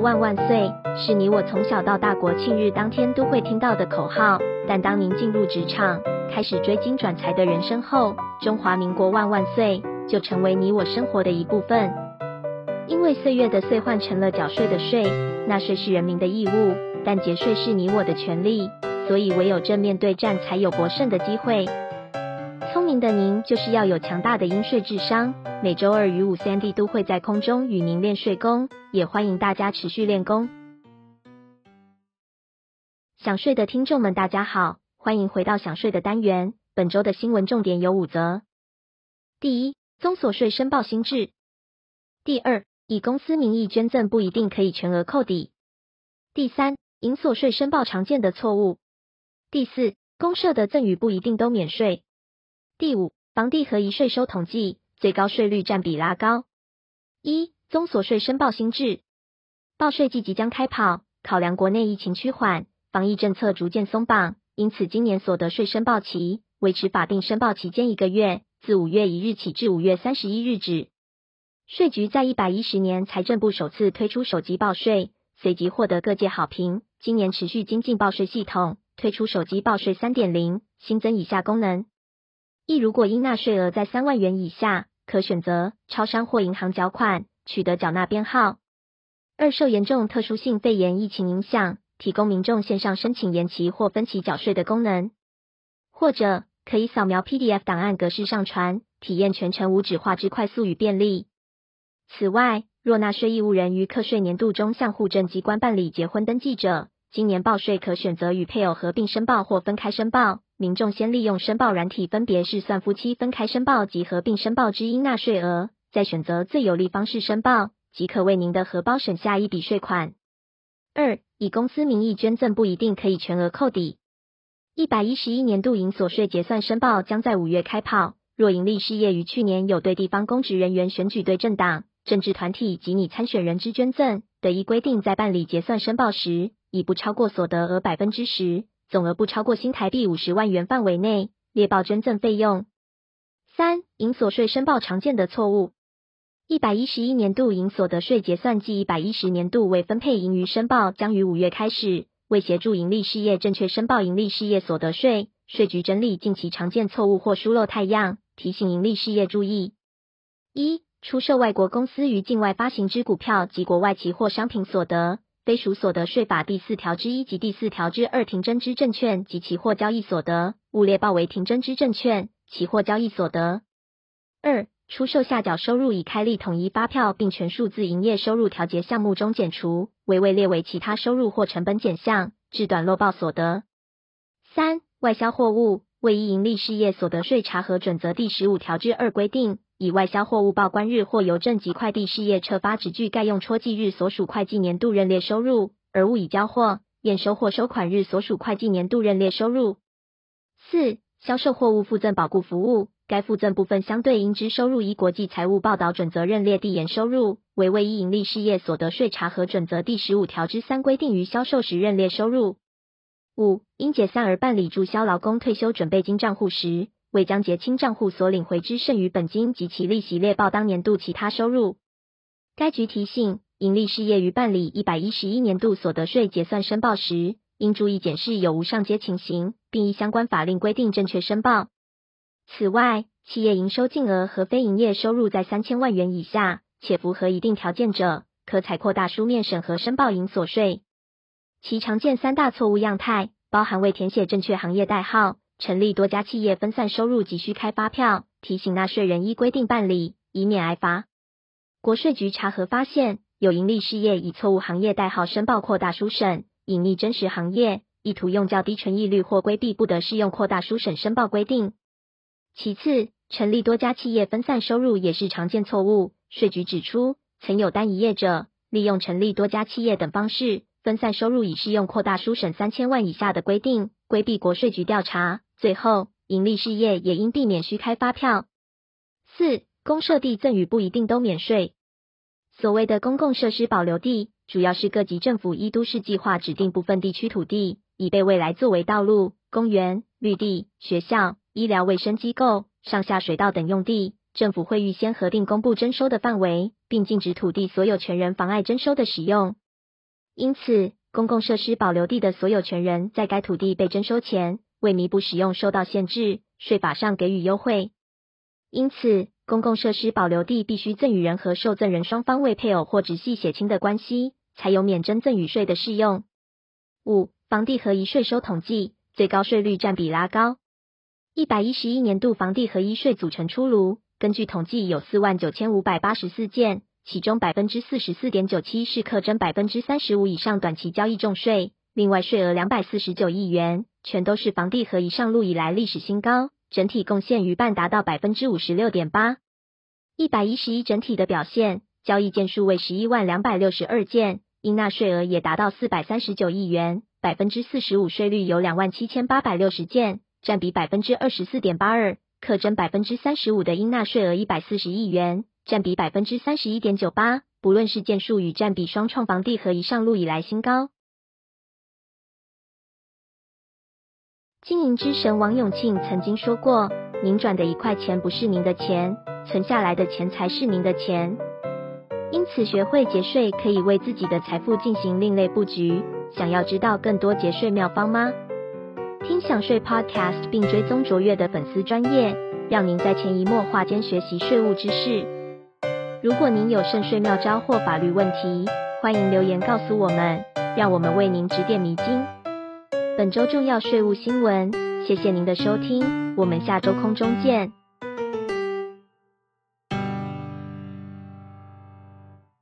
萬萬歲，是你我從小到大國慶日當天都會聽到的口號。但當您進入職場，開始追金轉財的人生後，中華民國萬萬歲就成為你我生活的一部分。因為歲月的歲換成了繳稅的稅，納稅是人民的義務，但節稅是你我的權利。所以唯有正面對戰，才有博勝的機會。聰明的您就是要有強大的應稅智商。每週二與五、三點都會在空中與您練稅功，也歡迎大家持續練功。享稅的聽眾們，大家好，歡迎回到享稅的單元。本周的新聞重點有五則：第一，綜所稅申報新制；第二，以公司名義捐贈不一定可以全額扣抵；第三，營所稅申報常見的錯誤；第四，公設地贈與不一定都免稅。第五，房地合一稅收統計，最高稅率佔比拉高。一，綜所稅申報新制，報稅季即、即將開跑，考量國內疫情趨緩，防疫政策逐漸鬆綁，因此今年所得稅申報期維持法定申報期間一個月，自五月一日起至五月三十一日止。稅局在一百一十年財政部首次推出手機報稅，隨即獲得各界好評。今年持續精進報稅系統，推出手機報稅三點零，新增以下功能。一、如果應納稅額在三萬元以下，可選擇超商或銀行繳款，取得繳納編號。二、受嚴重特殊性肺炎疫情影響，提供民眾線上申請延期或分期繳稅的功能，或者可以掃描 PDF 檔案格式上傳，體驗全程無紙化之快速與便利。此外，若納稅義務人於課稅年度中向戶政機關辦理結婚登記者，今年報稅可選擇與配偶合併申報或分開申報。民眾先利用申報軟體，分別試算夫妻分開申報及合併申報之應納稅額，再選擇最有利方式申報，即可為您的荷包省下一筆稅款。二、以公司名義捐贈不一定可以全額扣抵。一百一十一年度營所稅結算申報將在五月開跑，若營利事業於去年有對地方公職人員選舉、對政黨、政治團體及擬參選人之捐贈，得依規定在辦理結算申報時，以不超過所得額百分之十，總額不超過新台幣五十萬元範圍內，列報捐贈費用。三、營所稅申報常見的錯誤。一百一十一年度營所得稅結算暨一百一十年度未分配盈餘申報將於五月開始。為協助營利事業正確申報營利事業所得稅，稅局整理近期常見錯誤或疏漏態樣，提醒營利事業注意。一、出售外國公司於境外發行之股票及國外期貨商品所得。非屬所得稅法第四條之一及第四條之二停徵之證券及期貨交易所得，勿列報為停徵之證券、期貨交易所得。二、出售下腳收入已開立統一發票，並全數自營業收入調節項目中減除，未位列為其他收入或成本減項，致短漏報所得。三、外銷貨物，未依營利事業所得稅查核準則第十五條之二規定。以外銷貨物報關日或郵政及快遞事業撤發執據蓋用戳記日所屬會計年度認列收入，而誤以交貨、驗收或收款日所屬會計年度認列收入。四、銷售貨物附贈保固服務，該附贈部分相對應之收入依國際財務報導準則認列遞延收入，未依《營利事業所得稅查核準則》第十五條之三規定於銷售時認列收入。五、因解散而辦理注銷勞工退休準備金賬戶時。未將結清賬戶所領回之剩餘本金及其利息列報當年度其他收入。該局提醒，營利事業於辦理一百一十一年度所得稅結算申報時，應注意檢視有無上揭情形，並依相關法令規定正確申報。此外，企業營收淨額和非營業收入在三千萬元以下，且符合一定條件者，可採擴大書面審核申報營所稅。其常見三大錯誤樣態，包含未填寫正確行業代號。成立多家企業分散收入，急需開發票，提醒納稅人依規定辦理，以免挨罰。國稅局查核發現，有營利事業以錯誤行業代號申報擴大書審，隱匿真實行業，意圖用較低純益率或規避不得適用擴大書審申報規定。其次，成立多家企業分散收入也是常見錯誤。稅局指出，曾有單一業者利用成立多家企業等方式分散收入，以適用擴大書審三千萬以下的規定，規避國稅局調查。最後，營利事業也應避免虛開發票。四、公設地贈與不一定都免稅。所謂的公共設施保留地，主要是各級政府依都市計劃指定部分地區土地，以備未來作為道路、公園、綠地、學校、醫療衛生機構、上下水道等用地。政府會預先核定公布徵收的範圍，並禁止土地所有權人妨礙徵收的使用。因此，公共設施保留地的所有權人在該土地被徵收前，為彌補使用受到限制，稅法上給予優惠，因此公共設施保留地必須贈與人和受贈人雙方為配偶或直系血親的關係，才有免徵贈，贈與稅的適用。五、房地合一稅收統計，最高稅率佔比拉高。一百一十一年度房地合一稅組成出爐，根據統計有四萬九千五百八十四件，其中百分之四十四點九七是課徵百分之三十五以上短期交易重稅，另外稅額兩百四十九億元。全都是房地合一上路以來歷史新高，整體貢獻逾半達到百分之五十六點八。一百一十一整體的表現，交易件數為十一萬兩百六十二件，應納稅額也達到四百三十九億元，百分之四十五稅率有兩萬七千八百六十件，占比百分之二十四點八二，課徵百分之三十五的應納稅額一百四十億元，占比百分之三十一點九八。不論是件數與占比，雙創房地合一上路以來新高。經營之神王永慶曾經說過：“您賺的一塊錢不是您的錢，存下來的錢才是您的錢。”因此，學會節稅可以為自己的財富進行另類佈局。想要知道更多節稅妙方嗎？聽享稅 Podcast 並追蹤卓越的粉絲專頁，讓您在潛移默化間學習稅務知識。如果您有省稅妙招或法律問題，歡迎留言告訴我們，讓我們為您指點迷津。本週重要稅務新聞，謝謝您的收聽，我們下週空中見。